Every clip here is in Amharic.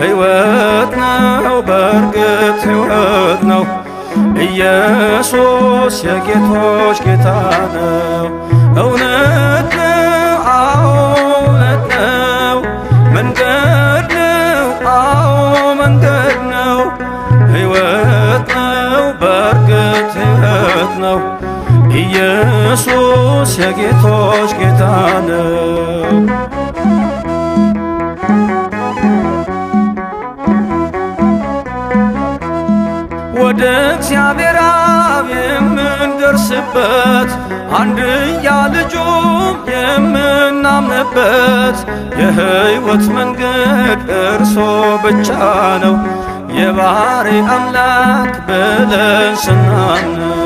ሕይወት ነው በእርግጥ ሕይወት ነው ኢየሱስ የጌቶች ጌታ ነው። እውነት ነው አዎ እውነት ነው። መንገድ ነው አዎ መንገድ ነው። ሕይወት ነው በእርግጥ ሕይወት ነው ኢየሱስ የጌቶች ጌታ ነው። ወደ እግዚአብሔር አብ የምንደርስበት አንድያ ልጁ የምናምንበት የሕይወት መንገድ እርሶ ብቻ ነው። የባህሪ አምላክ ብለን ስናምነው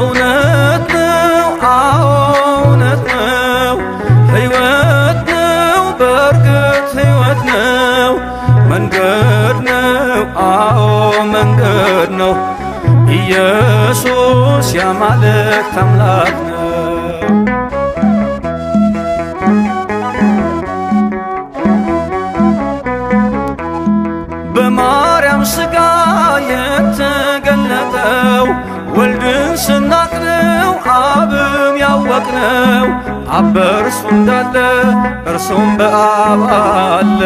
እውነት ነው። አዎ እውነት ነው። ሕይወት ነው። በእርግጥ ሕይወት ነው። ኢየሱስ ያማልክት አምላክ ነው። በማርያም ሥጋ የተገለጠው ወልድን ስናቅነው አብን ያወቅነው አብ በእርሱ እንዳለ እርሱም በአብ አለ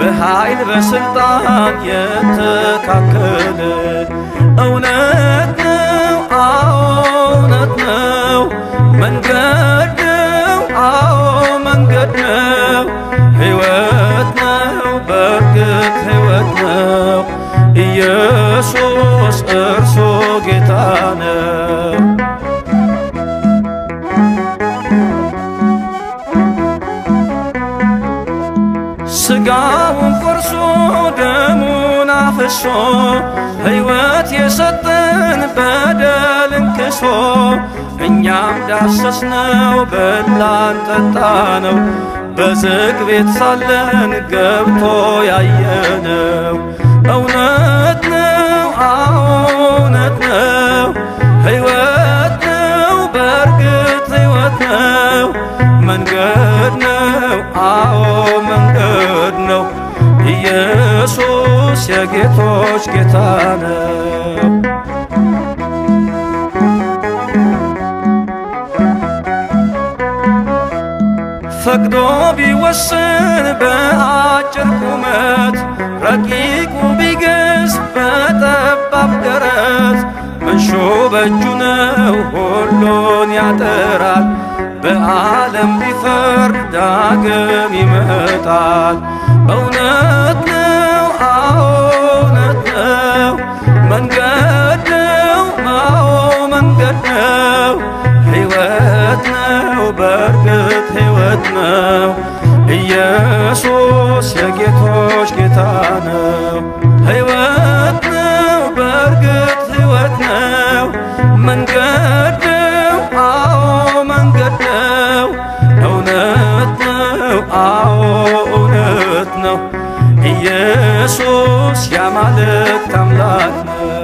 በኃይል በሥልጣን የተካከለ እውነት ነው አዎ እውነት ነው መንገድ ነው አዎ መንገድ ነው ሕይወት ነው በርግጥ ሕይወት ነው ኢየሱስ እርሱ ጌታ ነው ስጋ እርሶ ሕይወት የሰጠን በደልን ክሶ እኛም ዳሰስነው በላን ጠጣነው በዝግ ቤት ሳለን ገብቶ ያየነው እውነት ነው አዎ እውነት ነው ሕይወት ነው በእርግጥ ሕይወት ነው መንገድ ነው አዎ መንገድ ነው ኢየሱስ ጌቶች የጌቶች ጌታ ነው። ፈቅዶ ቢወስን በአጭር ቁመት ረቂቁ ቢገስ በጠባብ ደረት መንሾ በእጁ ነው ሁሉን ያጠራል። በዓለም ሊፈርድ ዳግም ይመጣል በእውነት አዎ መንገድ ነው አዎ መንገድ ነው ሕይወት ነው በእርግጥ ሕይወት ነው ኢየሱስ የጌቶች ጌታ ነው ሕይወት ነው በእርግጥ ሕይወት ነው መንገድ ነው አዎ መንገድ ነው እውነት ነው አዎ እውነት ነው ኢየሱስ ያማልክት አምላክ ነው።